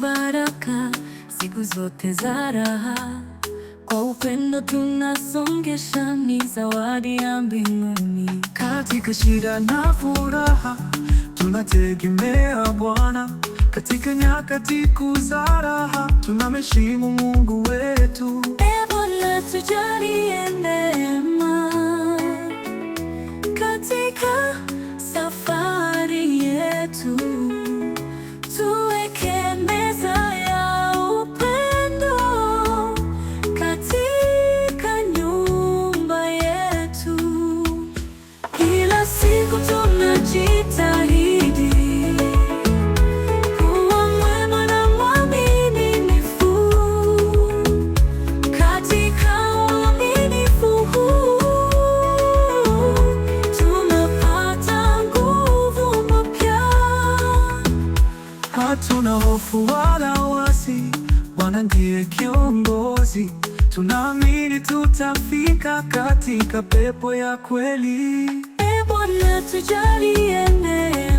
baraka siku zote za raha, kwa upendo tunasongesha, ni zawadi ya mbinguni. Katika shida na furaha tunategemea Bwana, katika nyakati kuu za raha tunamheshimu Mungu wetu. Ee Bwana tujalie neema Hatuna hofu wala wasi, Bwana ndiye kiongozi. Tunaamini tutafika katika pepo ya kweli. E Bwana tujalie